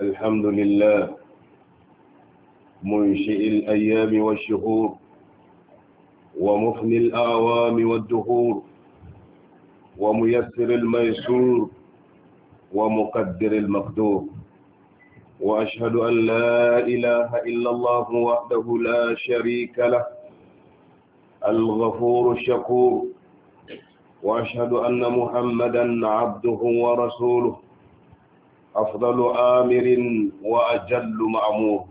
الحمد لله منشئ الأيام والشهور ومفني الأعوام والدهور وميسر الميسور ومقدر المقدور وأشهد أن لا إله إلا الله وحده لا شريك له الغفور الشكور وأشهد أن محمدا عبده ورسوله أفضل آمر وأجل مأمور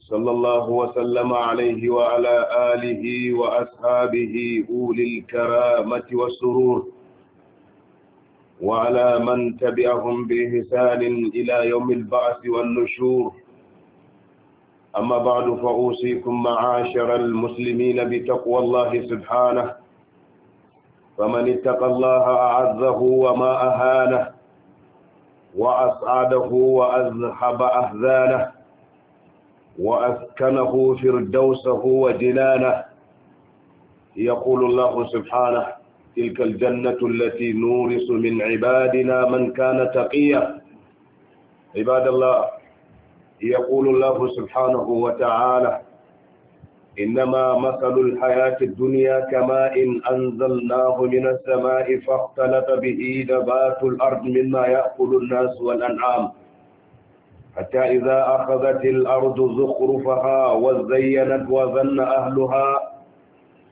صلى الله وسلم عليه وعلى آله وأصحابه أولي الكرامة والسرور وعلى من تبعهم بإحسان إلى يوم البعث والنشور أما بعد فأوصيكم معاشر المسلمين بتقوى الله سبحانه فمن اتقى الله أعزه وما أهانه وأسعده وأذهب أحزانه وأسكنه فردوسه وجنانه يقول الله سبحانه تلك الجنة التي نورث من عبادنا من كان تقيا عباد الله يقول الله سبحانه وتعالى إنما مثل الحياة الدنيا كماء إن أنزلناه من السماء فاختلط به نبات الأرض مما يأكل الناس والأنعام حتى إذا أخذت الأرض زخرفها وزينت وظن أهلها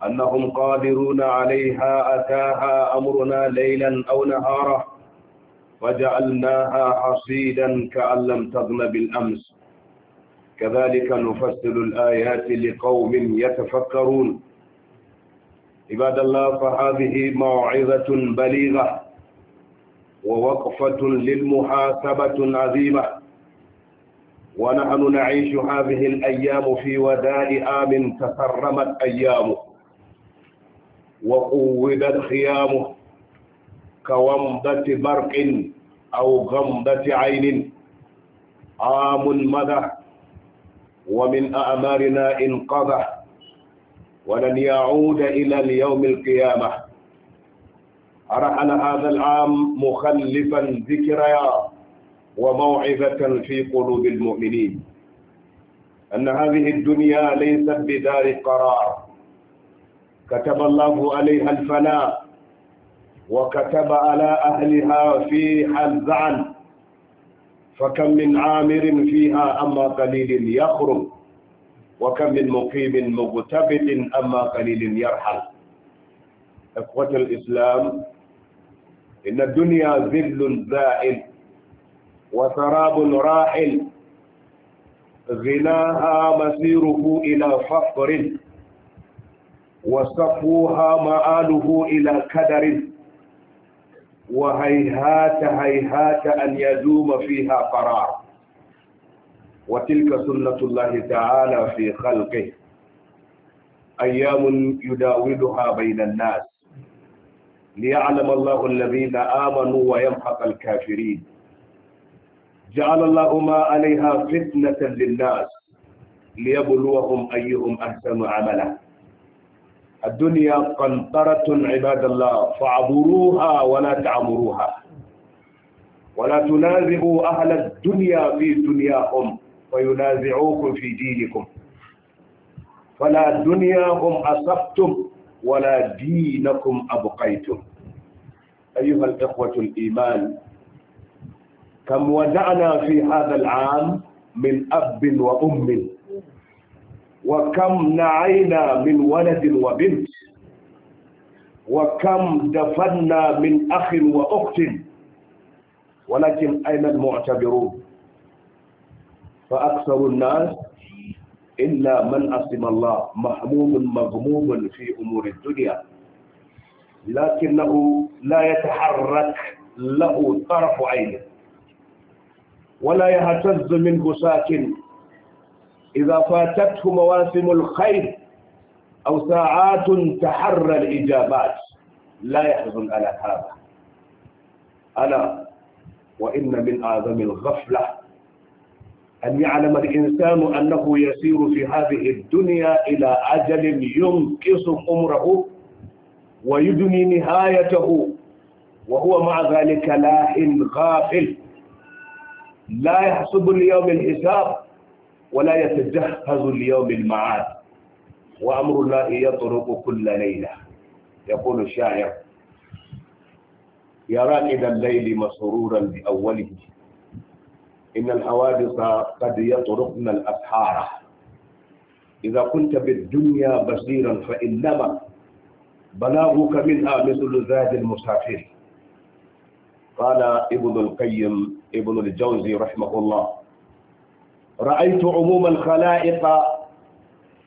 أنهم قادرون عليها أتاها أمرنا ليلا أو نهارا وجعلناها حصيدا كأن لم تغن بالأمس كذلك نفصل الآيات لقوم يتفكرون عباد الله فهذه موعظة بليغة ووقفة للمحاسبة عظيمة ونحن نعيش هذه الأيام في وداء آم تكرمت أيامه وقودت خيامه كومضة برق أو غمضة عين عام مدى ومن أعمارنا انقضى ولن يعود إلى اليوم القيامة أرحل هذا العام مخلفا ذكريا وموعظة في قلوب المؤمنين أن هذه الدنيا ليست بدار قرار كتب الله عليها الفناء وكتب على أهلها فيها الزعل فكم من عامر فيها أما قليل يخرج وكم من مقيم مغتبط أما قليل يرحل إخوة الإسلام إن الدنيا ذل زائل وسراب راحل غناها مسيره إلى فقر وصفوها مآله إلى كدر وهيهات هيهات أن يدوم فيها قرار وتلك سنة الله تعالى في خلقه أيام يداولها بين الناس ليعلم الله الذين آمنوا ويمحق الكافرين جعل الله ما عليها فتنة للناس ليبلوهم أيهم أحسن عملا الدنيا قنطرة عباد الله فعبروها ولا تعمروها ولا تنازعوا أهل الدنيا في دنياهم وينازعوكم في دينكم فلا دنياهم أصفتم ولا دينكم أبقيتم أيها الإخوة الإيمان كم ودعنا في هذا العام من أب وأم وكم نعينا من ولد وبنت وكم دفنا من أخ وأخت ولكن أين المعتبرون فأكثر الناس إلا من أسم الله محموم مغموم في أمور الدنيا لكنه لا يتحرك له طرف عينه ولا يهتز منه ساكن إذا فاتته مواسم الخير أو ساعات تحرى الإجابات لا يحزن على هذا ألا وإن من أعظم الغفلة أن يعلم الإنسان أنه يسير في هذه الدنيا إلى أجل ينقص عمره ويدني نهايته وهو مع ذلك لاح غافل لا يحسب اليوم الحساب ولا يتجهز ليوم المعاد وأمر الله يطرق كل ليلة يقول الشاعر يا راقد الليل مسرورا بأوله إن الحوادث قد يطرقن الأسحار إذا كنت بالدنيا بصيرا فإنما بلاغك منها مثل زاد المسافر قال ابن القيم ابن الجوزي رحمه الله رأيت عموم الخلائق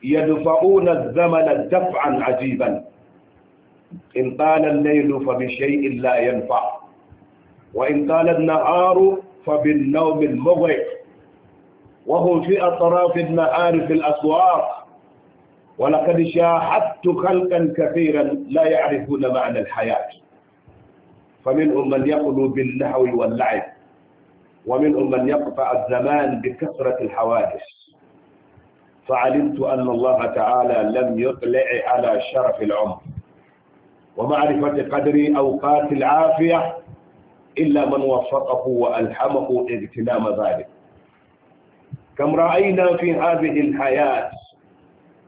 يدفعون الزمن دفعا عجيبا إن طال الليل فبشيء لا ينفع وإن طال النهار فبالنوم المغرق وهم في أطراف النهار في الأسواق ولقد شاهدت خلقا كثيرا لا يعرفون معنى الحياة فمنهم من يقول باللهو واللعب ومنهم من يقطع الزمان بكثرة الحوادث فعلمت أن الله تعالى لم يطلع على شرف العمر ومعرفة قدر أوقات العافية إلا من وفقه وألحمه اغتنام ذلك كم رأينا في هذه الحياة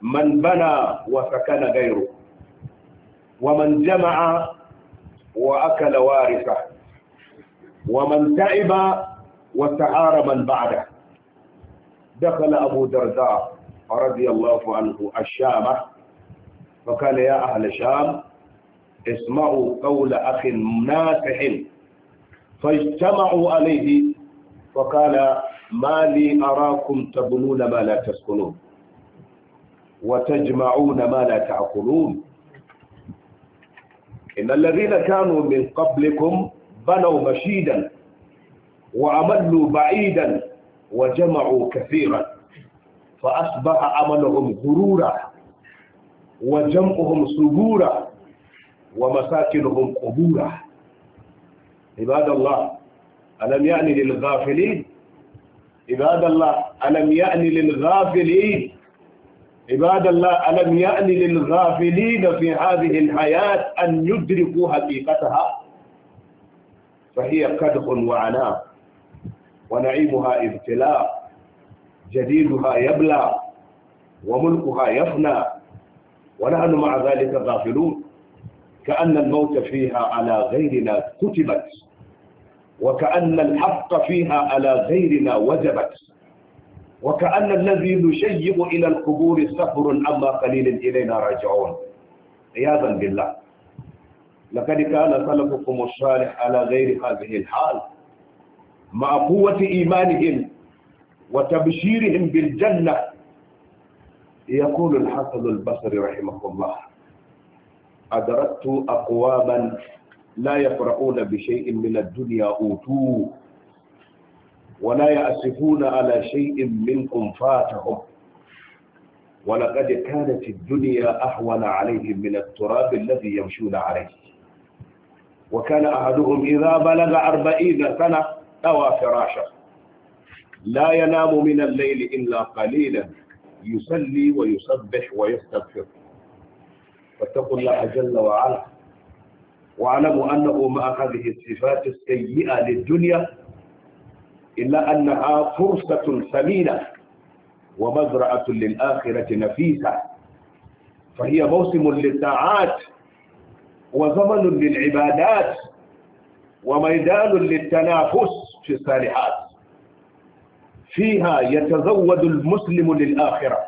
من بنى وسكن غيره ومن جمع وأكل وارثه ومن تعب وتعار من بعده دخل أبو درداء رضي الله عنه الشام فقال يا أهل الشام اسمعوا قول أخ نافع فاجتمعوا عليه فقال ما لي أراكم تبنون ما لا تسكنون وتجمعون ما لا تعقلون إن الذين كانوا من قبلكم بنوا مشيدا وأملوا بعيدا وجمعوا كثيرا فأصبح عملهم غرورا وجمعهم صبورا ومساكنهم قبورا عباد الله ألم يعني للغافلين عباد الله ألم يعني للغافلين عباد الله ألم يعني للغافلين في هذه الحياة أن يدركوا حقيقتها فهي كدح وعناء ونعيمها ابتلاء جديدها يبلى وملكها يفنى ونحن مع ذلك غافلون كأن الموت فيها على غيرنا كتبت وكأن الحق فيها على غيرنا وجبت وكأن الذي نشيب إلى القبور سفر أما قليل إلينا راجعون عياذا بالله لقد كان خلقكم الصالح على غير هذه الحال مع قوة إيمانهم وتبشيرهم بالجنة يقول الحسن البصري رحمه الله أدركت أقواما لا يفرحون بشيء من الدنيا أوتوه ولا يأسفون على شيء منكم فاتهم ولقد كانت الدنيا أهون عليهم من التراب الذي يمشون عليه وكان أحدهم إذا بلغ أربعين سنة أوى فراشه لا ينام من الليل إلا قليلا يصلي ويسبح ويستغفر فاتقوا الله جل وعلا واعلموا أنه مع هذه الصفات السيئة للدنيا إلا أنها فرصة ثمينة ومزرعة للآخرة نفيسة فهي موسم للطاعات وزمن للعبادات وميدان للتنافس في الصالحات فيها يتزود المسلم للآخرة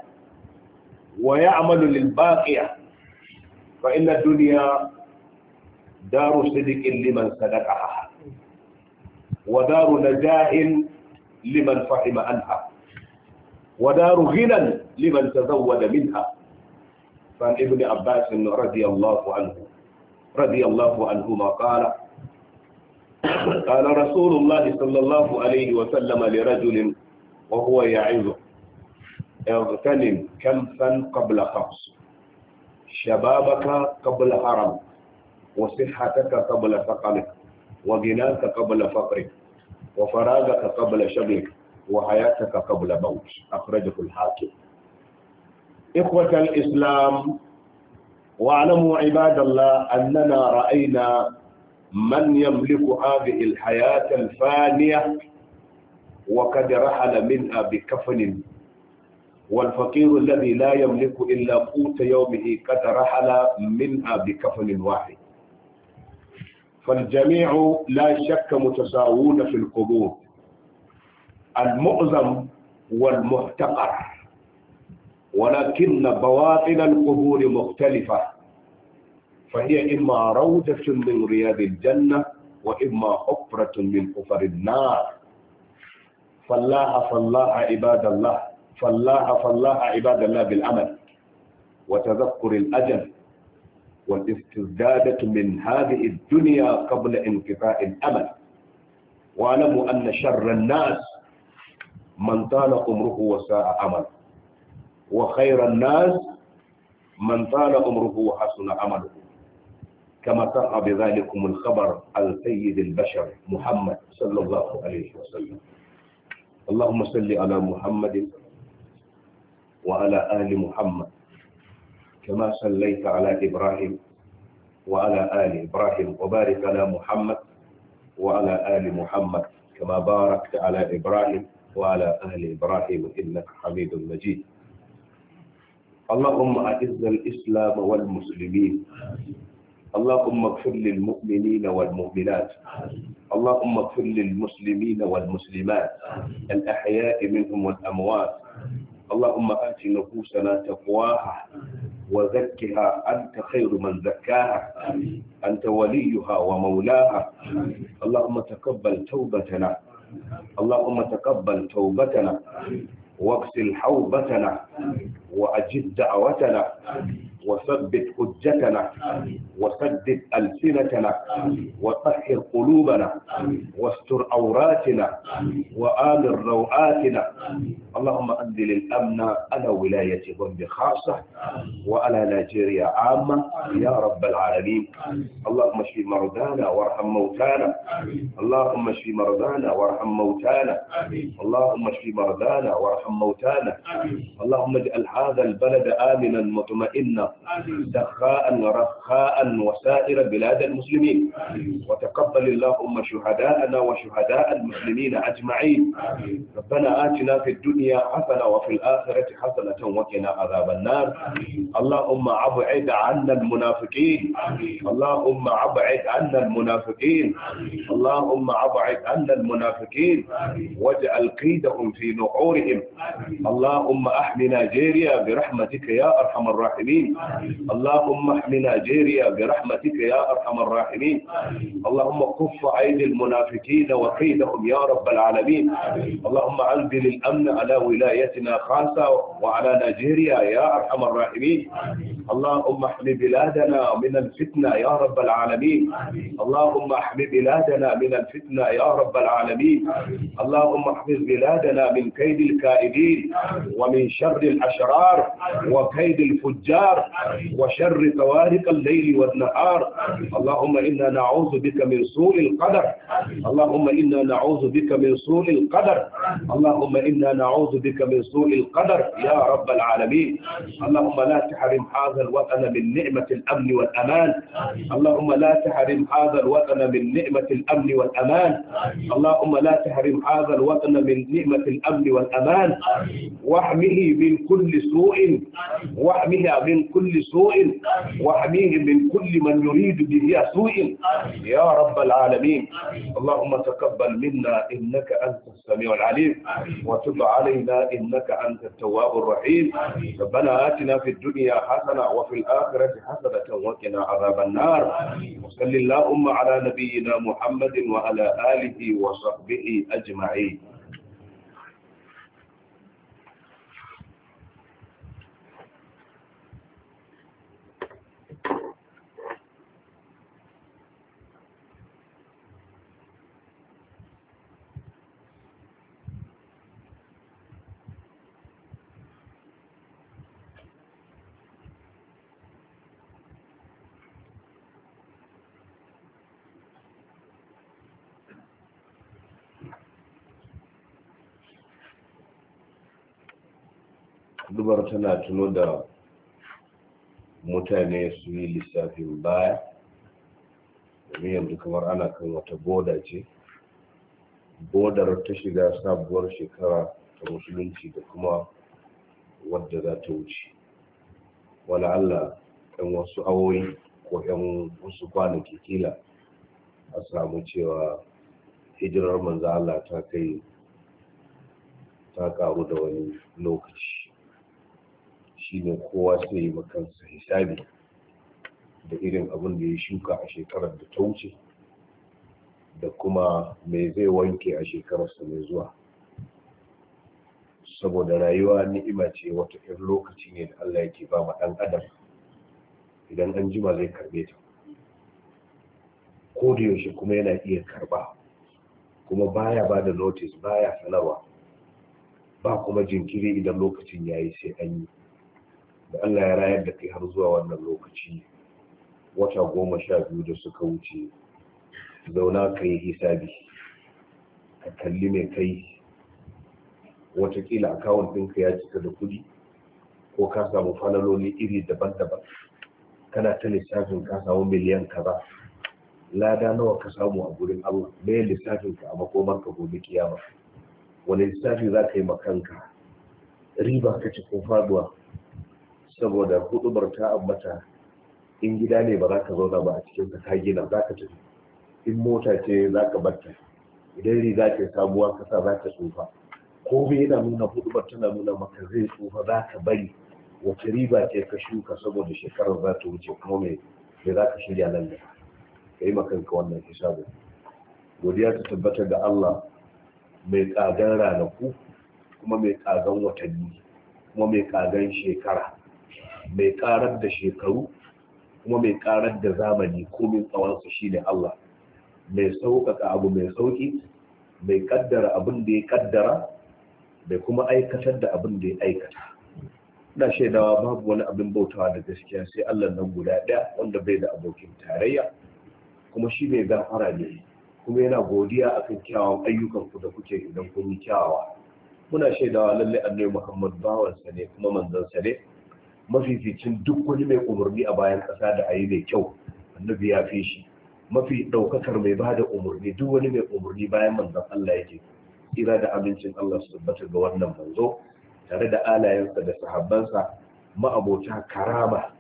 ويعمل للباقية فإن الدنيا دار صدق لمن صدقها ودار نجاة لمن فهم عنها ودار غنى لمن تزود منها فعن ابن عباس رضي الله عنه رضي الله عنهما قال قال رسول الله صلى الله عليه وسلم لرجل وهو يعظه اغتنم كنفا قبل خمس شبابك قبل حرم وصحتك قبل سقمك وغناك قبل فقرك وفراغك قبل شغلك وحياتك قبل موت أخرجه الحاكم إخوة الإسلام واعلموا عباد الله أننا رأينا من يملك هذه الحياة الفانية وقد رحل منها بكفن والفقير الذي لا يملك إلا قوت يومه قد رحل منها بكفن واحد فالجميع لا شك متساوون في القبور المؤذم والمحتقر ولكن بواطن القبور مختلفه فهي إما روضة من رياض الجنة وإما حفرة من حفر النار فالله فالله عباد الله فالله فالله عباد الله بالعمل وتذكر الأجل والاستزداد من هذه الدنيا قبل انقطاع الأمل واعلموا أن شر الناس من طال عمره وساء عمله وخير الناس من طال عمره وحسن عمله كما صح بذلكم الخبر عن سيد البشر محمد صلى الله عليه وسلم اللهم صل على محمد وعلى آل محمد كما صليت على إبراهيم وعلى آل إبراهيم وبارك على محمد وعلى آل محمد كما باركت على إبراهيم وعلى آل إبراهيم إنك حميد مجيد اللهم أعز الإسلام والمسلمين اللهم اغفر للمؤمنين والمؤمنات اللهم اغفر للمسلمين والمسلمات الأحياء منهم والأموات اللهم آت نفوسنا تقواها وزكها أنت خير من زكاها أنت وليها ومولاها اللهم تقبل توبتنا اللهم تقبل توبتنا واغسل حوبتنا وأجد دعوتنا وثبت حجتنا وسدد ألسنتنا وطهر قلوبنا واستر عوراتنا وآمن روآتنا اللهم أنزل الأمن على ولاية بند خاصة وعلى نيجيريا عامة يا رب العالمين اللهم اشف مرضانا وارحم موتانا اللهم اشف مرضانا وارحم موتانا اللهم اشف مرضانا وارحم موتانا اللهم اجعل هذا البلد آمنا مطمئنا سخاء ورخاء وسائر بلاد المسلمين وتقبل اللهم شهداءنا وشهداء المسلمين أجمعين ربنا آتنا في الدنيا حسنة وفي الآخرة حسنة وقنا عذاب النار اللهم أبعد عنا المنافقين اللهم أبعد عنا المنافقين اللهم أبعد عنا المنافقين واجعل قيدهم في نحورهم اللهم أحمي نيجيريا برحمتك يا أرحم الراحمين اللهم احمي نيجيريا برحمتك يا أرحم الراحمين اللهم كف عيد المنافقين وكيدهم يا رب العالمين اللهم أنزل الأمن على ولايتنا خاصة وعلى نيجيريا يا أرحم الراحمين اللهم احمي بلادنا من الفتنة يا رب العالمين اللهم احمي بلادنا من الفتنة يا رب العالمين اللهم احفظ بلادنا من كيد الكائدين ومن شر الأشرار وكيد الفجار وشر طوارق الليل والنهار اللهم إنا نعوذ بك من سوء القدر اللهم إنا نعوذ بك من سوء القدر اللهم إنا نعوذ بك من سوء القدر يا رب العالمين اللهم لا تحرم هذا الوطن من نعمة الأمن والأمان اللهم لا تحرم هذا الوطن من نعمة الأمن والأمان اللهم لا تحرم هذا الوطن من نعمة الأمن والأمان واحمه من كل سوء واحمها من كل كل سوء واحميه من كل من يريد به سوء يا رب العالمين اللهم تقبل منا إنك أنت السميع العليم وتب علينا إنك أنت التواب الرحيم ربنا آتنا في الدنيا حسنة وفي الآخرة حسنة وقنا عذاب النار وصل اللهم على نبينا محمد وعلى آله وصحبه أجمعين dubar tana tuno da mutane su yi lissafin baya domin yanzu kamar ana kan wata boda ce bodar ta shiga sabuwar shekara ta musulunci da kuma wadda za ta wuce wani Allah ɗan wasu awoyi ko ɗan wasu kwanaki kila a samu cewa hijirar manzo Allah ta kai ta karu da wani lokaci shine kowa sai yi kansa hisabi da irin abin da ya shuka a shekarar da ta wuce da kuma me zai wanke a shekararsa mai zuwa saboda rayuwa ni'ima ce wata irin lokaci ne da Allah yake ba ma ɗan adam idan an jima zai karbe ta ko da yaushe kuma yana iya karba kuma baya ba da notice baya sanarwa ba kuma jinkiri idan lokacin yayi sai an yi da Allah ya rayar da kai har zuwa wannan lokaci wata goma sha biyu da suka wuce zauna ka yi hisabi ka kalli mai kai watakila akawun ɗinka ya cika da kuɗi ko ka samu falaloli iri daban-daban kana ta lissafin ka samu miliyan kaza lada nawa ka samu a gurin Allah mai lissafin ka a makomar ka gobe kiyama wani lissafi za ka yi makanka riba ka ci ko faduwa saboda huɗubar ta ambata in gida ne ba za ka zauna ba a cikin ka gina za ka tafi in mota ce za ka batta idan riga ce sabuwa kasa za ka tsufa ko bai yana nuna hudubar tana nuna maka zai tsufa za ka bari wata riba ce ka shuka saboda shekarar za ta wuce kuma mai me za ka shirya nan da ka yi makanka wannan hisabu godiya ta tabbata ga Allah mai kagan ranaku kuma mai kagan watanni kuma mai tsadar shekara mai karar da shekaru kuma mai karar da zamani komin tsawonsu shi ne Allah mai sauƙaƙa abu mai sauƙi mai kaddara abin da ya kaddara mai kuma aikatar da abin da ya aikata ina shaidawa babu wani abin bautawa da gaskiya sai Allah nan guda ɗaya wanda bai da abokin tarayya kuma shi mai gafara ne kuma yana godiya akan kyawawan ayyukan ku da kuke idan kun yi kyawawa muna shaidawa lallai annabi Muhammad bawansa ne kuma manzon sa ne mafificin duk wani mai umarni a bayan ƙasa da a yi mai kyau annabi ya fi shi mafi ɗaukakar mai ba da umarni duk wani mai umarni bayan manzon Allah yake tsira da amincin Allah su tabbata ga wannan manzo tare da alayensa da sahabbansa ma'abota karama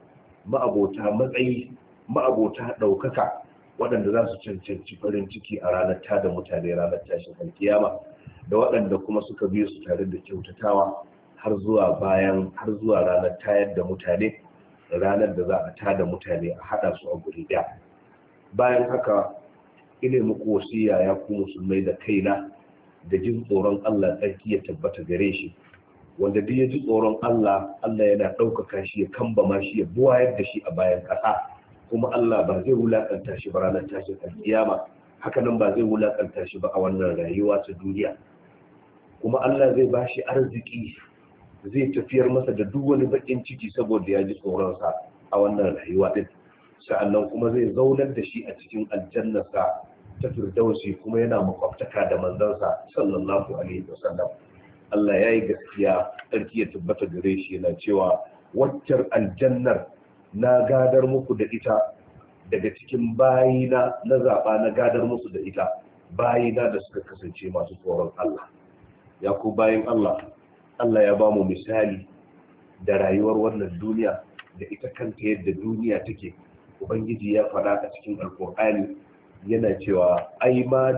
ma'abota matsayi ma'abota ɗaukaka waɗanda za su cancanci farin ciki a ranar ta da mutane ranar tashin alkiyama da waɗanda kuma suka biyo su tare da kyautatawa har zuwa bayan har zuwa ranar tayar da mutane ranar da za a tada mutane a hada su a guri daya bayan haka ina muku wasiya ya ku musulmai da kaina da jin tsoron Allah tsarki ya tabbata gare shi wanda duk ya ji tsoron Allah Allah yana ɗaukaka shi ya kambama shi ya buwayar da shi a bayan ƙasa kuma Allah ba zai wulaƙanta shi ba ranar tashin alƙiyama. haka nan ba zai wulaƙanta shi ba a wannan rayuwa ta duniya kuma Allah zai ba shi arziki zai tafiyar masa da duk wani baƙin ciki saboda ya ji tsoronsa a wannan rayuwa din sa'annan kuma zai zaunar da shi a cikin aljannarsa ta firdausi kuma yana makwabtaka da manzansa sallallahu alaihi wasallam Allah ya yi gaskiya sarki ya tabbata gare shi yana cewa waccar aljannar na gadar muku da ita daga cikin bayina na zaɓa na gadar musu da ita bayina da suka kasance masu tsoron Allah ya ku bayin Allah Allah ya ba mu misali da rayuwar wannan duniya da ita kanta yadda duniya take ubangiji ya faɗa a cikin alkur'ani yana cewa ai ma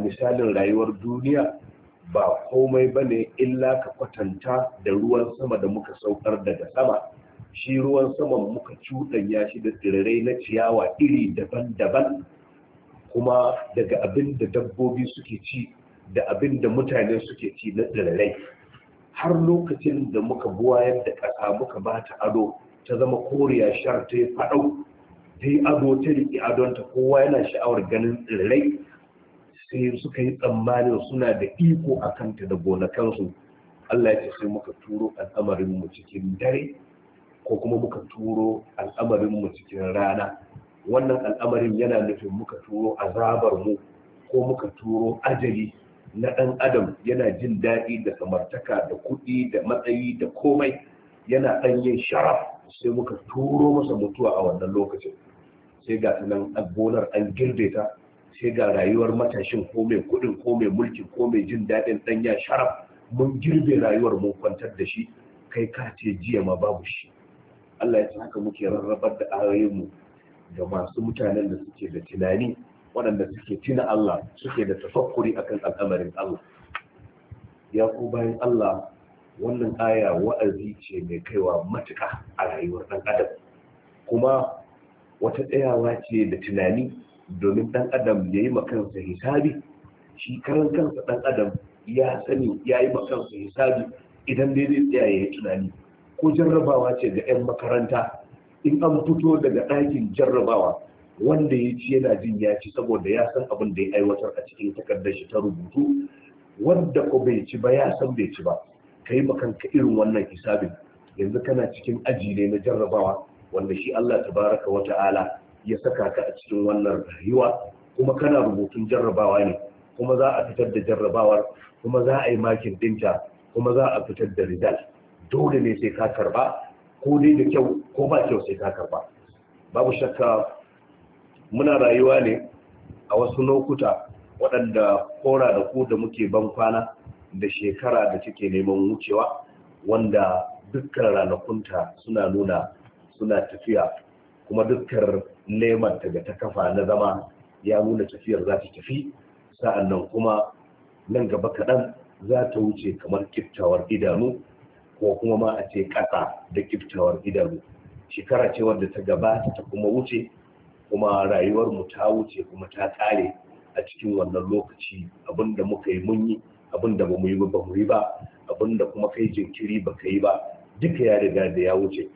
misalin rayuwar duniya ba komai ba ne illa ka kwatanta da ruwan sama da muka saukar daga sama shi ruwan sama muka cuɗanya shi da tsirrai na ciyawa iri daban-daban kuma daga abin da dabbobi suke ci da abin da mutane suke ci na tsirrai har lokacin da muka buwayar da ƙasa muka ba ta ado ta zama koriya shar ta yi faɗau ta yi ado ta riƙe adon ta, kowa yana sha'awar ganin tsirrai sai suka yi tsammanin suna da iko a kanta da gonakansu allah ya ce sai muka turo al'amarinmu cikin dare ko kuma muka turo al'amarinmu cikin rana wannan al'amarin yana nufin muka turo azabar mu ko muka turo ajali na ɗan adam yana jin daɗi da samartaka da kuɗi da matsayi da komai yana ɗan yin sharaf sai muka turo masa mutuwa a wannan lokacin sai ga nan gonar an girbe ta sai ga rayuwar matashin ko mai kuɗin ko mai mulki, ko mai jin daɗin ɗanya sharaf mun girbe rayuwar mun kwantar da shi kai ka ce jiya ma babu shi Allah ya ce haka muke rarrabar da ayoyinmu ga masu mutanen da suke da tunani waɗanda suke tina Allah suke da tafakkuri akan al'amarin Allah ya ku bayan Allah wannan aya wa'azi ce mai kaiwa matuka a rayuwar ɗan adam kuma wata ɗayawa ce da tunani domin ɗan adam ya yi makansa hisabi shi karan kansa ɗan adam ya sani ya yi makansa hisabi idan daidai tsaya ya yi tunani ko jarrabawa ce ga 'yan makaranta in an fito daga ɗakin jarrabawa wanda ya ci yana jin ya ci saboda ya san abin da ya aiwatar a cikin takardar shi ta rubutu wanda ko bai ci ba ya san bai ci ba kai makanka irin wannan hisabin yanzu kana cikin aji ne na jarrabawa wanda shi Allah tabaraka wa ta'ala ya saka ka a cikin wannan rayuwa kuma kana rubutun jarrabawa ne kuma za a fitar da jarrabawar kuma za a yi makin dinta kuma za a fitar da ridal dole ne sai ka karba ko dai da kyau ko ba kyau sai ka karba babu shakka muna rayuwa ne a wasu lokuta waɗanda kora da ku da muke ban kwana da shekara da take neman wucewa wanda dukkan ranakunta suna nuna suna tafiya kuma dukkan neman daga ta kafa na zama ya nuna tafiyar za ta tafi sa'annan kuma nan gaba kaɗan za ta wuce kamar kiftawar idanu ko kuma ma a ce ƙasa da kiftawar idanu shekara ce wadda ta gabata ta kuma wuce kuma rayuwar mu ta wuce kuma ta kare a cikin wannan lokaci abinda muka yi mun yi abinda ba mu yi ba mu yi ba abinda kuma kai jinkiri ba ka yi ba duka ya riga da ya wuce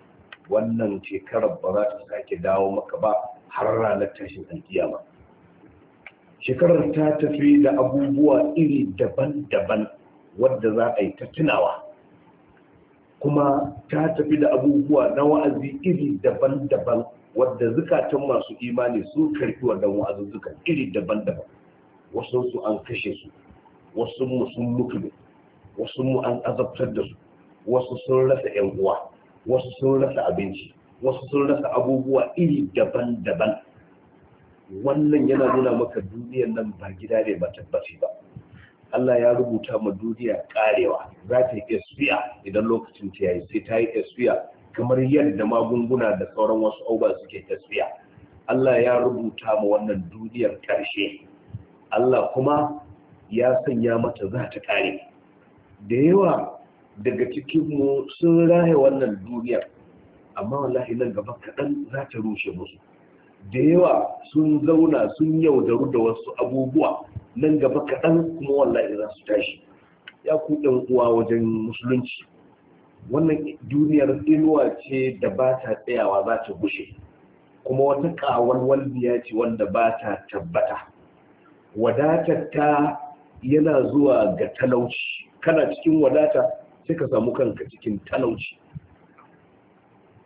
wannan shekarar ba za ta sake dawo maka ba har ranar tashin alkiyama shekarar ta tafi da abubuwa iri daban-daban wadda za a yi ta tunawa kuma ta tafi da abubuwa na wa'azi iri daban-daban wadda zukatan masu imani sun karfi wannan wa'azuzzuka iri daban-daban wasu su an kashe su wasu mu sun mutu wasu mu an azabtar da su wasu sun rasa yan uwa wasu sun rasa abinci wasu sun rasa abubuwa iri daban-daban wannan yana nuna maka duniyar nan ba gida ne ba tabbaci ba Allah ya rubuta ma duniya karewa za ta yi idan lokacin ta yayi sai ta yi espiya kamar yadda magunguna da sauran wasu auba suke tasfiya Allah ya rubuta ma wannan duniyar ƙarshe Allah kuma ya sanya mata za ta kare. da yawa daga cikinmu sun raya wannan duniyar amma wallahi nan gaba kaɗan za ta rushe musu da yawa sun zauna sun yaudaru da wasu abubuwa nan gaba kaɗan kuma wallahi za su tashi ya ku uwa wajen musulunci wannan duniyar inuwa ce da ba ta tsayawa za ta gushe kuma wata ƙawar walbiya ce wanda ba ta tabbata wadatar ta yana zuwa ga talauci kana cikin wadata sai ka samu kanka cikin talauci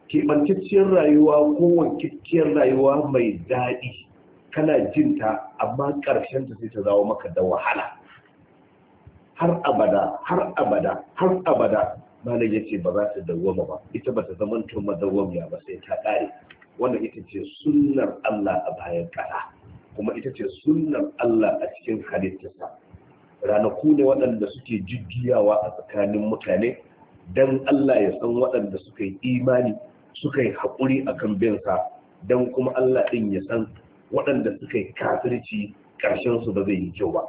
keɓantacciyar rayuwa ko wankakkiyar rayuwa mai daɗi kana jinta amma ƙarshen ta sai ta zawo maka da wahala har abada har abada har abada malam ya ce ba za ta dawwama ba ita ba ta zama to madawwamiya ba sai ta ƙare wannan ita ce sunnar Allah a bayan ƙasa kuma ita ce sunnar Allah a cikin halittarsa ranaku ne waɗanda suke jujjuyawa a tsakanin mutane don Allah ya san waɗanda suka yi imani suka yi haƙuri a kan sa don kuma Allah ɗin ya san waɗanda suka yi kafirci ƙarshensu ba zai yi kyau ba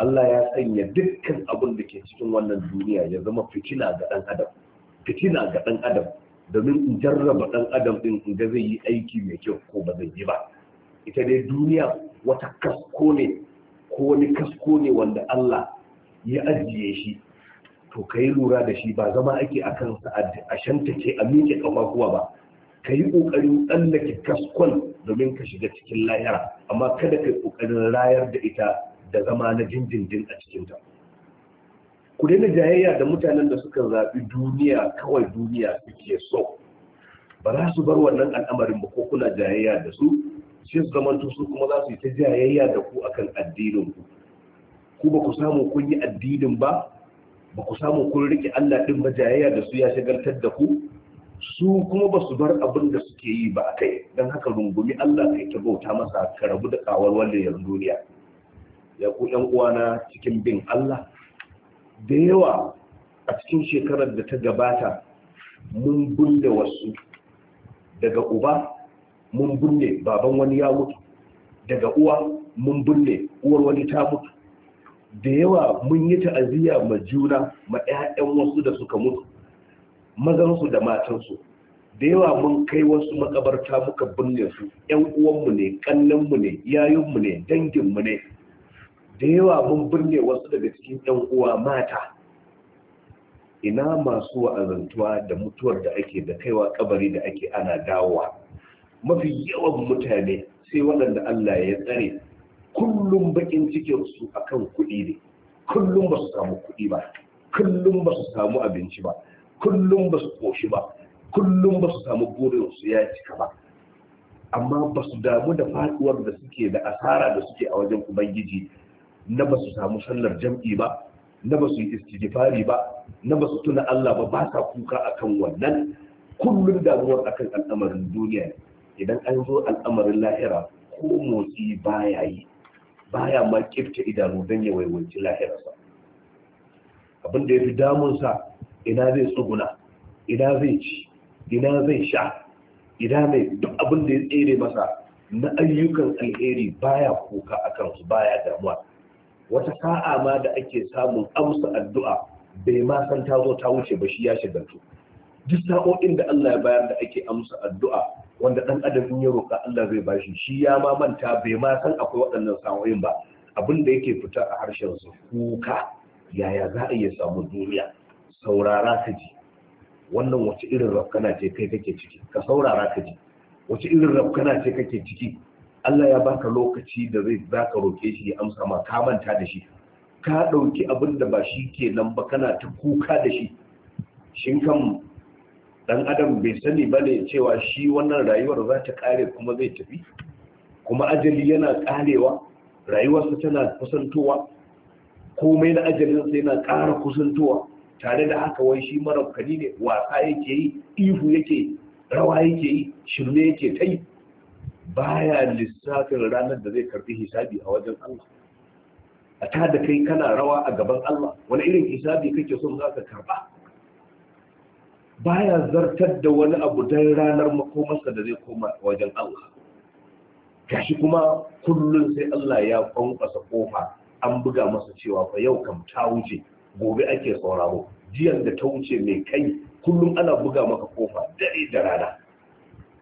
Allah ya sanya dukkan abin da ke cikin wannan duniya ya zama fitina ga ɗan adam fitina ga ɗan adam domin in jarraba ɗan adam ɗin in ga zai yi aiki mai kyau ko ba zai yi ba ita dai duniya wata kasko ne ko wani kasko ne wanda Allah ya ajiye shi to ka yi lura da shi ba zama ake a kan a shanta ke a miƙe ƙafafuwa ba ka yi ƙoƙarin tsallake kaskon domin ka shiga cikin layara amma kada ka yi ƙoƙarin rayar da ita da zama na jinjindin a cikinta ku daina jayayya da mutanen da suka zaɓi duniya kawai duniya suke so ba za su bar wannan al'amarin ba ko kuna jayayya da su sai su zamanto su kuma za su yi ta jayayya da ku akan addinin ku ku ba ku samu kun yi addinin ba ba ku samu kun rike Allah din ba jayayya da su ya shagaltar da ku su kuma ba su bar abin da suke yi ba a kai don haka rungumi Allah kai ta bauta masa ka rabu da kawar wannan yanzu duniya ya ku ɗan uwana cikin bin Allah da yawa a cikin shekarar da ta gabata mun bulle wasu daga uba mun bulle baban wani ya mutu daga uwa mun bulle uwar wani ta mutu da yawa mun yi ta'aziyya ma juna ma 'ya'yan wasu da suka mutu mazansu da matansu da yawa mun kai wasu makabarta muka binne su 'yan uwanmu ne kannanmu ne yayinmu ne danginmu ne da yawa mun birne wasu daga cikin yan uwa mata ina masu wa'azantuwa da mutuwar da ake da kaiwa kabari da ake ana dawowa mafi yawan mutane sai waɗanda Allah ya tsare kullum bakin cikin su akan kuɗi ne kullum ba su samu kuɗi ba kullum ba su samu abinci ba kullum ba su koshi ba kullum ba su samu burin su ya cika ba amma ba su damu da faduwar da suke da asara da suke a wajen ubangiji na ba su samu sallar jam'i ba na ba su yi istighfari ba na ba su tuna Allah ba ba sa kuka akan wannan kullum damuwar akan al'amarin duniya idan an zo al'amarin lahira ko motsi baya yi baya ma kifta idanu don ya waiwanci lahirarsa abin da ya fi damunsa ina zai tsuguna ina zai ci ina zai sha ina mai duk abin da ya tsere masa na ayyukan alheri baya kuka a kansu baya damuwa wata sa'a ma da ake samun amsa addu'a bai ma san ta zo ta wuce ba shi ya to duk sa'o'in da Allah ya bayar da ake amsa addu'a wanda dan adam in ya roƙa Allah zai bashi shi ya ma manta bai ma san akwai waɗannan sa'o'in ba abin da yake fita a harshen su kuka yaya za a iya samu duniya saurara ka ji wannan wace irin rafkana ce kai kake ciki ka saurara ka ji wace irin rafkana ce kake ciki Allah ya baka lokaci da zai zaka roke shi ya amsa ma ka manta da shi ka dauki abin da ba shi ke nan ba kana ta kuka da shi shin kan dan adam bai sani ba ne cewa shi wannan rayuwar za ta kare kuma zai tafi kuma ajali yana karewa rayuwarsa tana kusantowa komai na ajalinsa yana kara kusantowa tare da haka wai shi marafkani ne wasa yake yi ihu yake rawa yake yi shirme yake ta yi baya lissafin ranar da zai karbi hisabi a wajen Allah a ta da kai kana rawa a gaban Allah wani irin hisabi kake son za ka karba baya zartar da wani abu don ranar makomarsa da zai koma a wajen Allah gashi kuma kullum sai Allah ya kwankwasa kofa an buga masa cewa fa yau kam ta wuce gobe ake sauraro jiyan da ta wuce mai kai kullum ana buga maka kofa dare da rana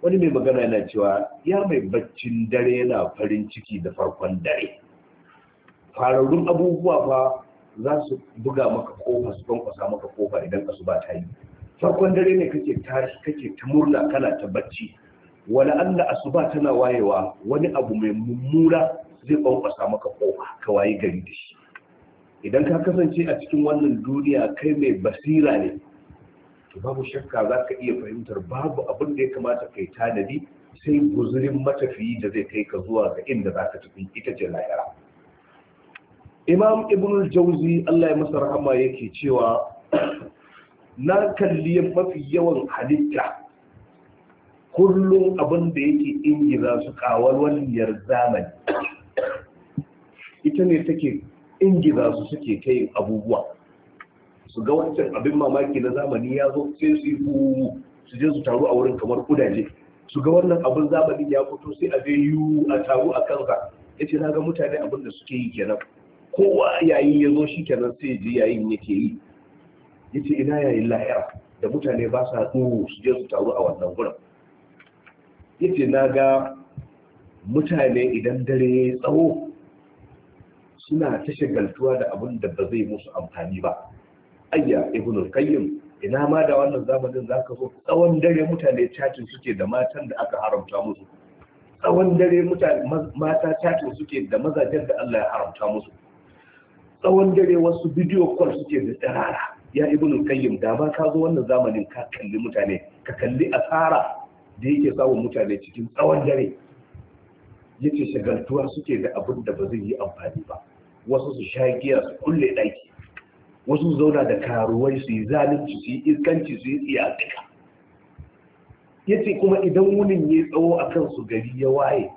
wani mai magana yana cewa ya mai baccin dare yana farin ciki da farkon dare fararrun abubuwa fa za su buga maka kofa su kwankwasa maka kofa idan ka su ba ta yi farkon dare ne kake tashi kake ta murna kana ta bacci wani allah asuba tana wayewa wani abu mai mummura zai kwankwasa maka kofa ka waye gari da shi idan ka kasance a cikin wannan duniya kai mai basira ne babu shakka za ka iya fahimtar babu abin da ya kamata kai tanadi sai guzurin matafiyi da zai kai ka zuwa ga inda za ka tafi ita ce lahira imam ibn jauzi allah ya masa rahama yake cewa na kalli mafi yawan halitta kullum abin da yake ingiza su kawalwaliyar zamani ita ne take ingiza su suke ta yin abubuwa su ga wancan abin mamaki na zamani ya zo sai su yi su je su taru a wurin kamar kudaje su ga wannan abin zamani ya fito sai a je yu a taru a kansa ya ce na ga mutane abin da suke yi kenan kowa yayin ya zo shi kenan sai ji yayin yake yi ya ce ina yayin lahira da mutane ba sa tsoro su je su taru a wannan wurin. ya ce na ga mutane idan dare tsawo suna ta shagaltuwa da abin da ba zai musu amfani ba ayya ibnul qayyim ina ma da wannan zamanin zaka zo tsawon dare mutane chatin suke da matan da aka haramta musu tsawon dare mutane mata chatin suke da mazajen da Allah ya haramta musu tsawon dare wasu bidiyo call suke da tsirara ya ibnul qayyim da ma ka zo wannan zamanin ka kalli mutane ka kalli asara da yake samun mutane cikin tsawon dare yace shagaltuwa suke da abin da ba zai yi amfani ba wasu su sha giya su kulle daki. wasu zauna da karuwai su yi zalunci su yi iskanci su yi tsiyatika ya ce kuma idan wunin ya tsawo a su gari ya waye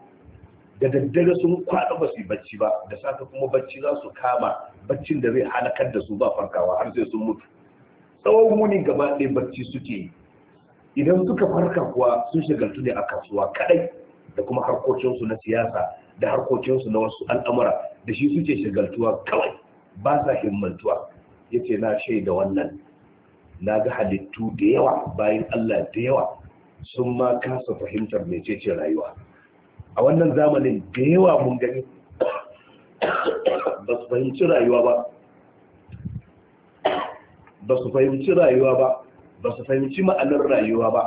da daddare sun kwaɗa ba su yi bacci ba da safe kuma bacci za su kama baccin da zai halakar da su ba farkawa har sai sun mutu tsawon wuni gaba ɗaya bacci suke yi idan suka farka kuwa sun shagaltu ne a kasuwa kaɗai da kuma harkokinsu na siyasa da harkokinsu na wasu al'amura da shi suke shagaltuwa kawai ba sa himmantuwa yace na shaida wannan na ga halittu da yawa bayan Allah da yawa sun ma kasa fahimtar mecece rayuwa a wannan zamanin da yawa mun gani ba fahimci rayuwa ba ba su fahimci rayuwa ba ba su fahimci ma'anar rayuwa ba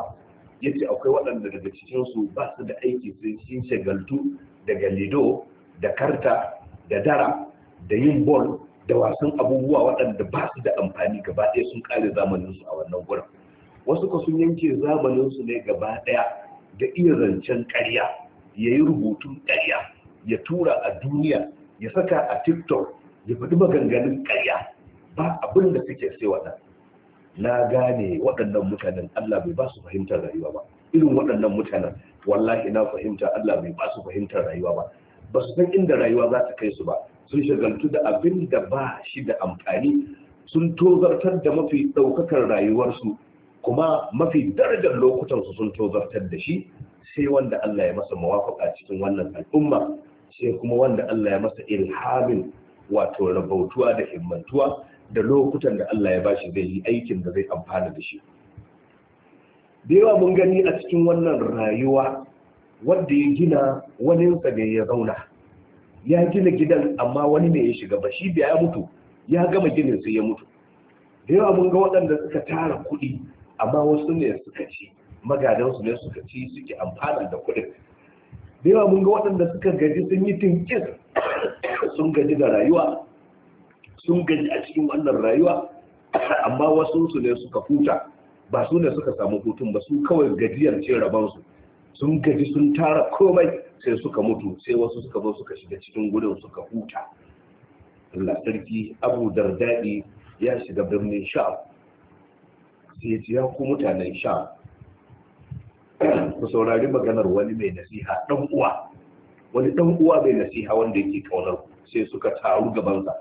yace akwai waɗanda daga cikinsu ba su da aiki sun sun shagaltu daga lido da karta da dara da yin bol da wasan abubuwa waɗanda ba su da amfani gaba ɗaya sun ƙare zamaninsu a wannan wurin? wasu ka sun yanke zamaninsu ne gaba ɗaya da iya zancen ƙarya ya yi rubutun ƙarya ya tura a duniya ya saka a tiktok ya faɗi maganganun ƙarya ba abin da suke sai waɗanda na gane waɗannan mutanen Allah bai ba su fahimtar rayuwa ba irin waɗannan mutanen wallahi na fahimta Allah bai ba su fahimtar rayuwa ba ba su san inda rayuwa za ta kai su ba sun shagaltu da abin da ba shi da amfani sun tozartar da mafi ɗaukakar rayuwarsu kuma mafi darajar lokutansu sun tozartar da shi sai wanda Allah ya masa mawafaka cikin wannan al'umma sai kuma wanda Allah ya masa ilhamin wato rabautuwa da himmantuwa da lokutan da Allah ya ba shi zai yi aikin da zai amfana da shi da yawa mun gani a cikin wannan rayuwa wanda ya gina waninsa ne ya zauna ya gina gidan amma wani ne ya shiga ba shi da ya mutu ya gama ginin sai ya mutu da yawa mun ga waɗanda suka tara kuɗi amma wasu ne suka ci su ne suka ci suke amfana da kuɗi. da yawa mun ga waɗanda suka gaji sun yi tinkin sun gaji da rayuwa sun gaji a cikin wannan rayuwa amma wasu su ne suka huta ba su ne suka samu hutun ba su kawai gajiyar ce rabansu sun gaji sun tara komai sai suka mutu sai wasu suka zo suka shiga cikin gudun suka huta Allah sarki Abu Dardadi ya shiga birnin sha, sai ya ce ku mutanen sha. ku saurari maganar wani mai nasiha dan uwa wani ɗan uwa mai nasiha wanda yake kaunar sai suka taru gabansa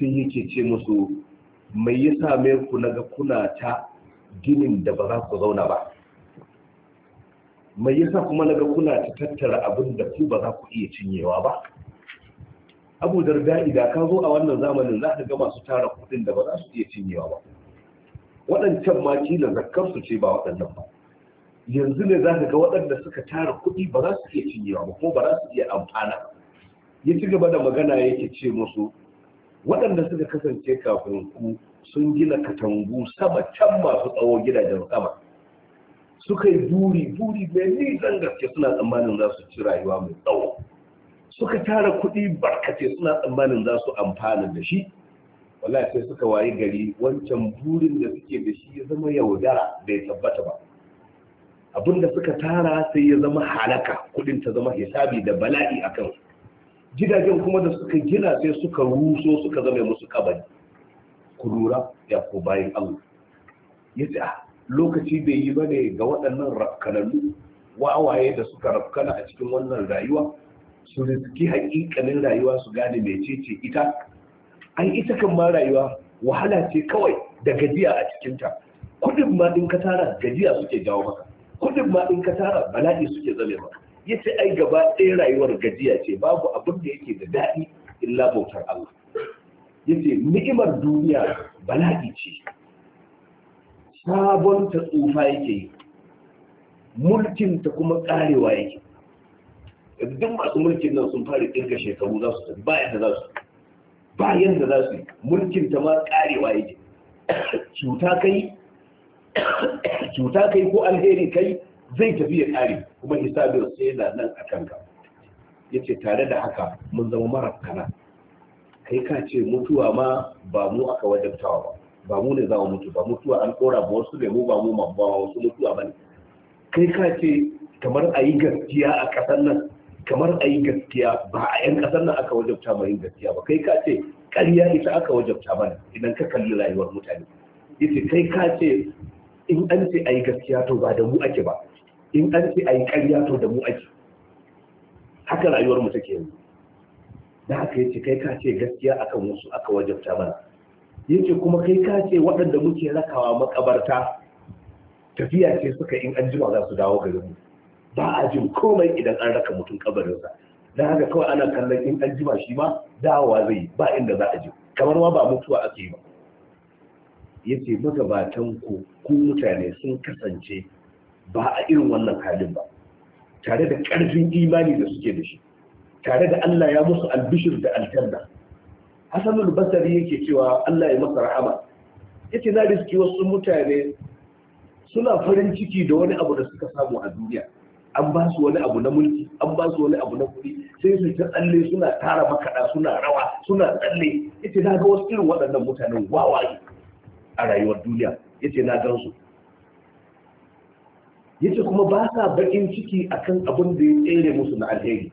sai yake ce musu mai ya same ku naga kuna ta ginin da ba za ku zauna ba mai yasa kuma naga kuna ta tattara abin da ku ba za ku iya cinyewa ba abu dardai da ka zo a wannan zamanin za ka ga masu tara kuɗin da ba za su iya cinyewa ba waɗancan ma kila zakkar su ce ba waɗannan ba yanzu ne za ka ga waɗanda suka tara kuɗi ba za su iya cinyewa ba kuma ba za su iya amfana ya ci gaba da magana yake ce musu waɗanda suka kasance kafin ku sun gina katangu sama can masu tsawo gidajen sama suka yi buri buri mai nisan gaske suna tsammanin za su ci rayuwa mai tsawo suka tara kuɗi barkace suna tsammanin za su amfana da shi wallahi sai suka wayi gari wancan burin da suke da shi ya zama yaudara bai tabbata ba Abin da suka tara sai ya zama halaka kuɗin ta zama hisabi da bala'i a kan gidajen kuma da suka gina sai suka ruso suka zama musu kabari ku lura ya ko bayan allah ya ce ah, lokaci bai yi ba ne ga waɗannan rafkanannu wawaye da suka rafkana a cikin wannan rayuwa su riski haƙiƙanin rayuwa su gane mai mecece ita an ita kan ma rayuwa wahala ce kawai da gajiya a cikinta kudin ma in ka tara gajiya suke jawo maka kudin ma in ka tara bala'i suke zame maka ya ce ai gaba ɗaya rayuwar gajiya ce babu abin da yake da daɗi illa bautar Allah ya ce ni'imar duniya bala'i ce sabon ta tsufa yake yi mulkin ta kuma karewa yake duk masu mulkin nan sun fara kirga shekaru za su tafi za su bayan da za su yi mulkin ta ma karewa yake cuta kai cuta kai ko alheri kai zai tafi ya kare kuma hisabin sai yana nan a kanka yace tare da haka mun zama mara kana kai ka ce mutuwa ma ba mu aka wajabtawa ba ba mu ne za mu mutu ba mutuwa an ɗora ba wasu ne mu ba mu ba wasu mutuwa ba ne kai ka ce kamar a yi gaskiya a ƙasar nan kamar a yi gaskiya ba a 'yan ƙasar nan aka wajabta ma yin gaskiya ba kai ka ce ƙarya ita aka wajabta mana idan ka kalli rayuwar mutane ita kai ka ce in an ce a yi gaskiya to ba da mu ake ba in an ce a yi ƙarya to da mu ake haka rayuwar mu take yanzu da haka yace kai ka ce gaskiya akan wasu aka wajabta mana yace kuma kai ka ce waɗanda muke rakawa makabarta tafiya ce suka in an jima za su dawo garin mu ba a jin komai idan an raka mutum kabarinsa dan haka kawai ana kallon in an jima shi ma dawowa zai yi ba inda za a je kamar ma ba mutuwa ake yi ba yace magabatan ku ku mutane sun kasance ba a irin wannan halin ba tare da ƙarfin imani da suke da shi tare da Allah ya musu albishir da aljanna hasanul basari yake cewa Allah ya masa rahama yace na riski wasu mutane suna farin ciki da wani abu da suka samu a duniya an ba su wani abu na mulki an ba su wani abu na kuɗi sai su ta tsalle suna tara makaɗa suna rawa suna tsalle yace na ga wasu irin waɗannan mutanen wawaye a rayuwar duniya yace na gan su yace kuma ba sa bakin ciki akan abin da ya tsere musu na alheri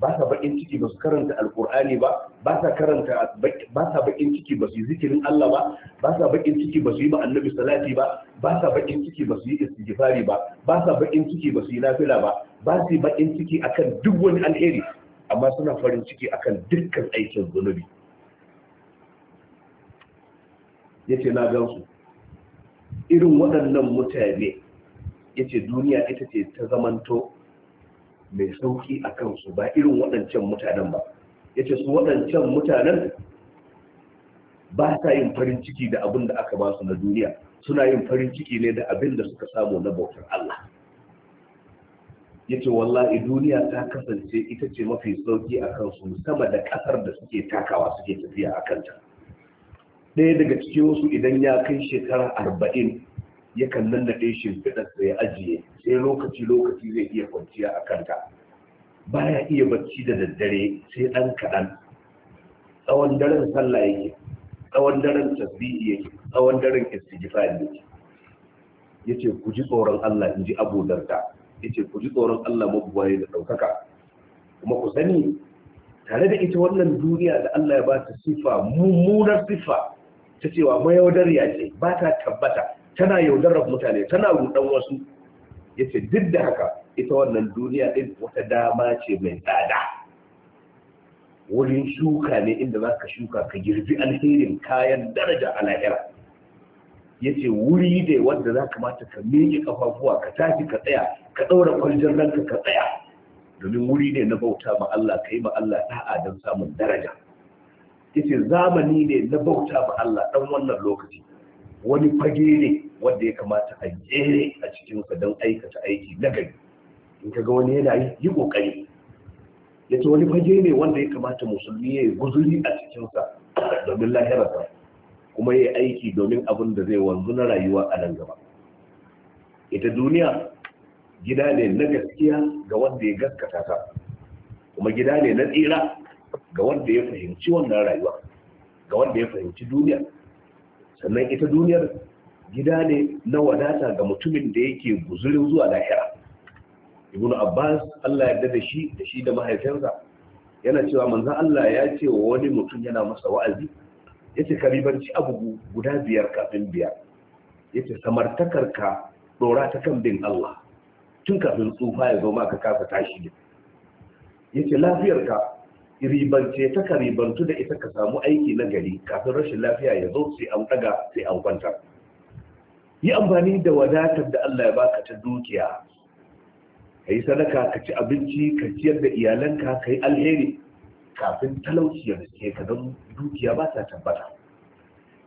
ba sa bakin ciki ba su karanta alkur'ani ba ba sa karanta ba sa bakin ciki ba su yi zikirin Allah ba ba sa bakin ciki ba su yi ba annabi salati ba ba sa bakin ciki ba su yi istighfari ba ba sa bakin ciki ba su yi nafila ba ba su bakin ciki akan duk wani alheri amma suna farin ciki akan dukkan aikin zunubi yace na gansu irin waɗannan mutane yace duniya ita ce ta zamanto mai sauki a kansu ba irin waɗancan mutanen ba ya ce su waɗancan mutanen ba sa yin farin ciki da abin da aka ba su na duniya suna yin farin ciki ne da abin da suka samu na bautar Allah ya ce wallahi duniya ta kasance ita ce mafi sauki a kansu sama da ƙasar da suke takawa suke tafiya a kanta ɗaya daga cikin wasu idan ya kai shekara arba'in yakan lallaɗe shimfiɗarsa ya ajiye sai lokaci-lokaci zai iya kwanciya a kanta baya iya bacci da daddare sai ɗan kaɗan tsawon daren sallah yake tsawon daren tasbihi yake tsawon daren istighfar yake yace ku ji tsoron Allah in ji Abu Darda yace ku ji tsoron Allah mabuwaye da ɗaukaka kuma ku sani tare da ita wannan duniya da Allah ya ba ta sifa mummunar sifa ta cewa mayaudariya ce ba ta tabbata tana yaudarar mutane tana rudan wasu Ya ce duk da haka ita wannan duniya din wata dama ce mai tsada wurin shuka ne inda za ka shuka ka girbi alherin kayan daraja a la'ira ya ce wuri ne wanda za kamata ka miƙe kafafuwa ka tafi ka tsaya ka ɗaura kwaljar ranka ka tsaya domin wuri ne na bauta ma Allah ka yi ma Allah da'a don samun daraja ya ce zamani ne na bauta ma Allah ɗan wannan lokaci wani fage ne wanda ya kamata a jere a cikinsa don aikata aiki na gari in ka ga wani yana yi kokari ya ce wani fage ne wanda ya kamata musulmi ya yi guzuri a cikinsa domin lahirarsa kuma ya yi aiki domin abin da zai wanzu na rayuwa a nan gaba ita duniya gida ne na gaskiya ga wanda ya gaskata ta kuma gida ne na tsira ga wanda ya fahimci wannan rayuwa ga wanda ya fahimci duniya sannan ita duniyar gida ne na wadata ga mutumin da yake guzurin zuwa lahira ibnu abbas Allah ya da shi da shi da mahaifinsa yana cewa manzon Allah ya ce wa wani mutum yana masa wa'azi yace ka ribanci abu guda biyar kafin biyar yace ka dora ta kan bin Allah tun kafin tsufa ya zo ka kasa tashi ne yace lafiyarka ribance ta ka da ita ka samu aiki na gari kafin rashin lafiya ya zo sai an daga sai an kwanta yi amfani da wadatar da Allah ya baka ta dukiya ka yi sadaka ka ci abinci ka ciyar da iyalanka ka yi alheri kafin talauci ya riske ka don dukiya ba ta tabbata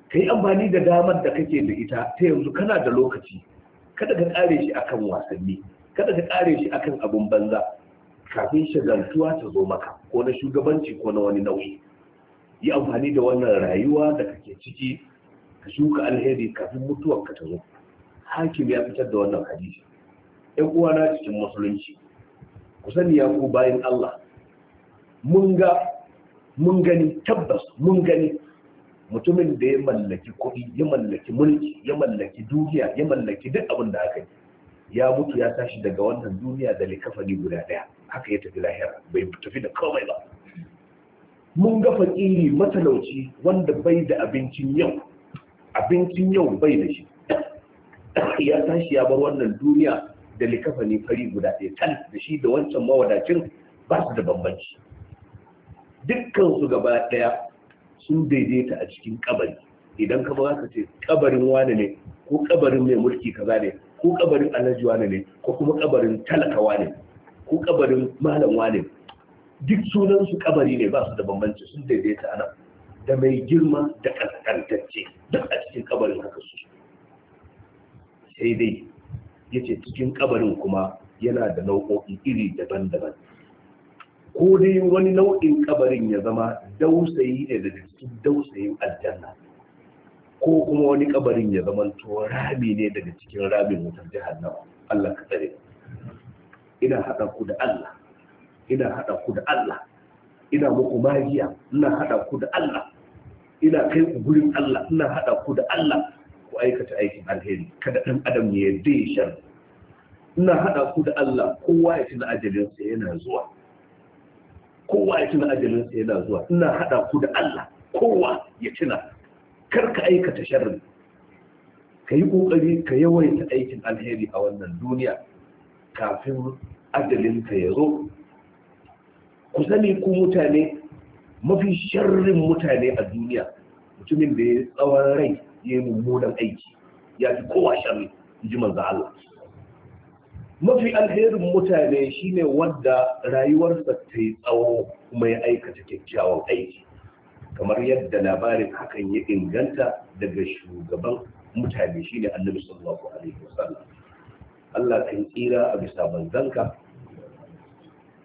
ka yi amfani da damar da kake da ita ta yanzu kana da lokaci kada ka kare shi akan wasanni kada ka kare shi akan abin banza kafin shagaltuwa ta zo maka ko na shugabanci ko na wani nauyi yi amfani da wannan rayuwa da kake ciki ka shuka alheri kafin mutuwar ka ta zo hakim ya fitar da wannan hadisi ɗan uwana cikin musulunci ku sani ya ku bayan Allah mun ga mun gani tabbas mun gani mutumin da ya mallaki kuɗi ya mallaki mulki ya mallaki duniya ya mallaki duk abin da aka yi ya mutu ya tashi daga wannan duniya da likafani guda ɗaya haka ya tafi lahira bai tafi da komai ba mun ga fakiri matalauci wanda bai da abincin yau abincin yau bai da shi ya tashi ya bar wannan duniya da likafani fari guda ɗaya tal da shi da wancan mawadacin ba su da bambanci dukkan su gaba ɗaya sun daidaita a cikin kabari idan ka ba ka ce kabarin wane ne ko kabarin mai mulki kaza ne ko kabarin alhaji wane ne ko kuma kabarin talaka wane ko kabarin malam wane duk sunan su kabari ne ba su da bambanci sun daidaita a nan da mai girma da kaskantacce duk a cikin kabarin haka su sai dai ya ce cikin ƙabarin kuma yana da nau'o'i iri daban-daban ko dai wani nau'in ƙabarin ya zama dausayi ne da cikin dausayin aljanna ko kuma wani ƙabarin ya zama to rami ne daga cikin ramin wutar jahannama Allah ka tsare ina haɗa ku da Allah ina haɗa ku da Allah ina muku magiya ina haɗa ku da Allah ina kai ku gurin Allah ina haɗa ku da Allah ku aikata aikin alheri kada ɗan adam ya yarda ya shar ina haɗa ku da Allah kowa ya tuna sa yana zuwa kowa ya tuna sa yana zuwa ina haɗa ku da Allah kowa ya tuna kar ka aikata sharri ka yi ƙoƙari ka yawaita aikin alheri a wannan duniya kafin ka ya zo ku sani ku mutane mafi sharrin mutane a duniya mutumin da ya tsawon rai ya yi mummunan aiki ya fi kowa sharri ji manzo Allah mafi alherin mutane shine wanda rayuwarsa ta yi tsawo kuma ya aikata kyakkyawan aiki kamar yadda labarin hakan ya inganta daga shugaban mutane shine annabi sallallahu alaihi wasallam Allah kan tsira a bisa banzanka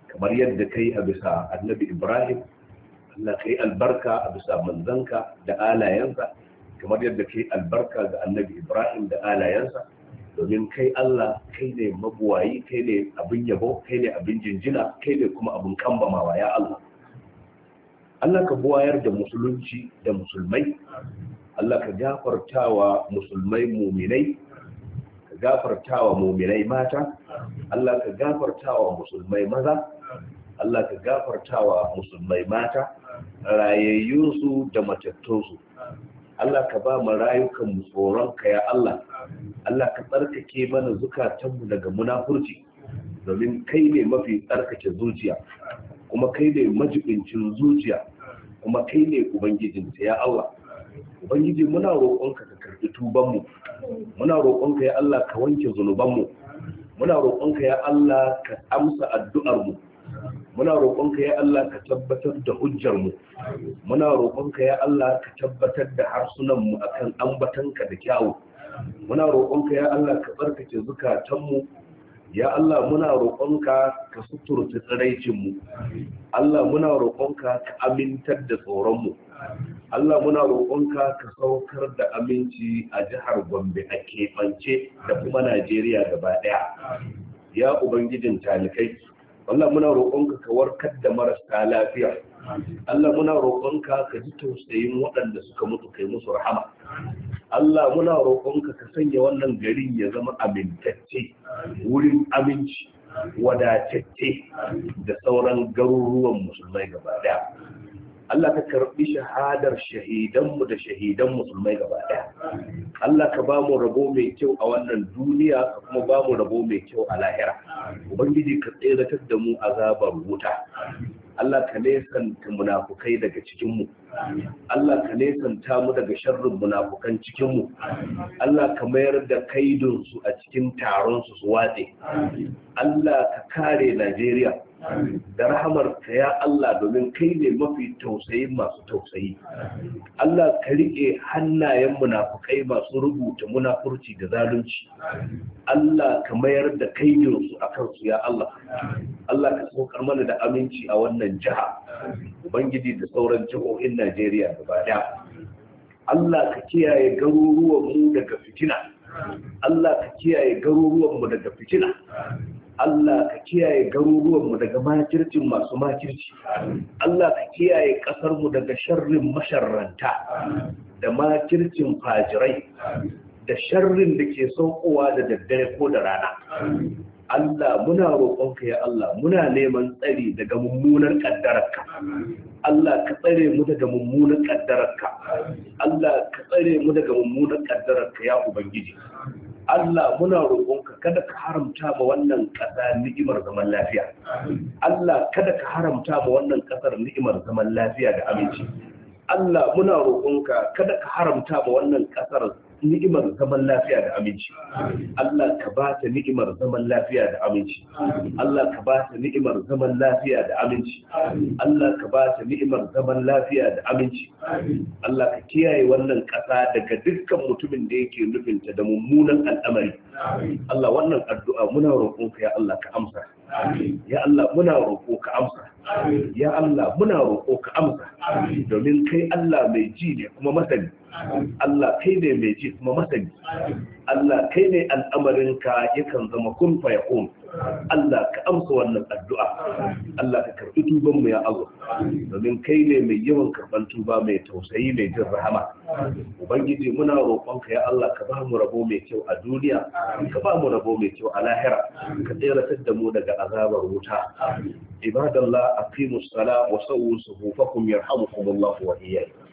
kamar yadda kai a bisa annabi Ibrahim Allah ka yi albarka a bisa manzanka da alayensa kamar yadda ka yi albarka ga annabi Ibrahim da alayensa domin kai Allah kai ne mabuwayi kai ne abin yabo kai ne abin jinjina kai ne kuma abin kambamawa ya Allah Allah ka buwayar da musulunci da musulmai Allah ka gafartawa musulmai muminai ka gafartawa muminai mata Allah ka gafartawa musulmai maza Allah ka gafartawa musulmai mata rayayyunsu da matattunsu Allah ka ba mu rayukan mu tsoronka ya Allah Allah ka tsarkake mana zukatanmu daga munafurci domin kai ne mafi tsarkake zuciya kuma kai ne majibincin zuciya kuma kai ne ubangijin ta ya Allah ubangiji muna roƙonka ka karɓi tubanmu muna roƙonka ya Allah ka wanke zunubanmu muna roƙonka ya Allah ka amsa addu'armu muna roƙonka ya Allah ka tabbatar da hujjarmu muna roƙonka ya Allah ka tabbatar da harsunanmu akan ambatanka da kyawu muna roƙonka ya Allah ka barkace zukatanmu ya Allah muna roƙonka ka suturta tsiraicinmu Allah muna roƙonka ka amintar da tsoronmu Allah muna roƙonka ka saukar da aminci a jihar Gombe a keɓance da kuma Najeriya gaba ɗaya ya ubangijin talikai Allah muna roƙonka ka warkar da marasa lafiya Allah muna roƙonka ka ji tausayin waɗanda suka mutu kai musu rahama Allah muna roƙonka ka sanya wannan garin ya zama amintacce wurin aminci wadatacce da sauran garuruwan musulmai gaba daya Allah ka karbi shahadar shahidanmu da shahidan musulmai gaba daya Allah ka ba mu rabo mai kyau a wannan duniya kuma ba mu rabo mai kyau a lahira ubangiji ka tseratar da mu azabar wuta Allah ka nesanta munafukai daga cikinmu. Allah ka nesanta mu daga sharrin munafukan cikinmu. Allah ka mayar da kaidunsu a cikin taron su watse. Allah ka kare Najeriya. da ta ya Allah domin kai ne mafi tausayi masu tausayi Allah ka riƙe hannayen munafukai masu rubuta munafurci da zalunci Allah ka mayar da kai kaidinsu a kansu ya Allah Allah ka saukar mana da aminci a wannan jiha Ubangiji da sauran jihohin Najeriya gaba ɗaya. Allah ka kiyaye garuruwanmu daga fitina Allah ka kiyaye garuruwanmu daga fitina Allah ka kiyaye garuruwanmu daga makircin masu makirci Allah ka kiyaye ƙasarmu daga sharrin masharranta da makircin fajirai da sharrin da ke saukowa da daddare ko da rana Allah muna roƙonka ya Allah muna neman tsari daga mummunar ƙaddararka Allah ka tsare mu daga mummunar ƙaddararka Allah ka tsare mu daga mummunar ƙaddararka ya Ubangiji Allah muna roƙonka kada ka haramta ma wannan ƙasa ni'imar zaman lafiya Allah kada ka haramta ma wannan ƙasar ni'imar zaman lafiya da aminci Allah muna roƙonka kada ka haramta ma wannan ƙasar ni'imar zaman lafiya da aminci Allah ka ba ta ni'imar zaman lafiya da aminci Allah ka ba ta ni'imar zaman lafiya da aminci Allah ka ba ta ni'imar zaman lafiya da aminci Allah ka kiyaye wannan ƙasa daga dukkan mutumin da yake nufinta da mummunan al'amari Allah wannan addu'a muna roƙonka ya Allah ka amsa ya Allah muna roƙo ka amsa ya Allah muna roƙo ka amsa domin kai Allah mai ji ne kuma masani Allah kai ne mai ji kuma masani Allah kai ne al'amarin al'amarinka yakan zama kun fa ya kun Allah ka amsa wannan addu'a Allah ka karɓi tuban mu ya Allah domin kai ne mai yawan karɓan tuba mai tausayi mai jin rahama ubangiji muna roƙonka ya Allah ka ba mu rabo mai kyau a duniya ka ba mu rabo mai kyau a lahira ka tseratar da mu daga azabar wuta ibadallah aqimus sala wa sawu suhufakum yarhamukumullahu wa iyyakum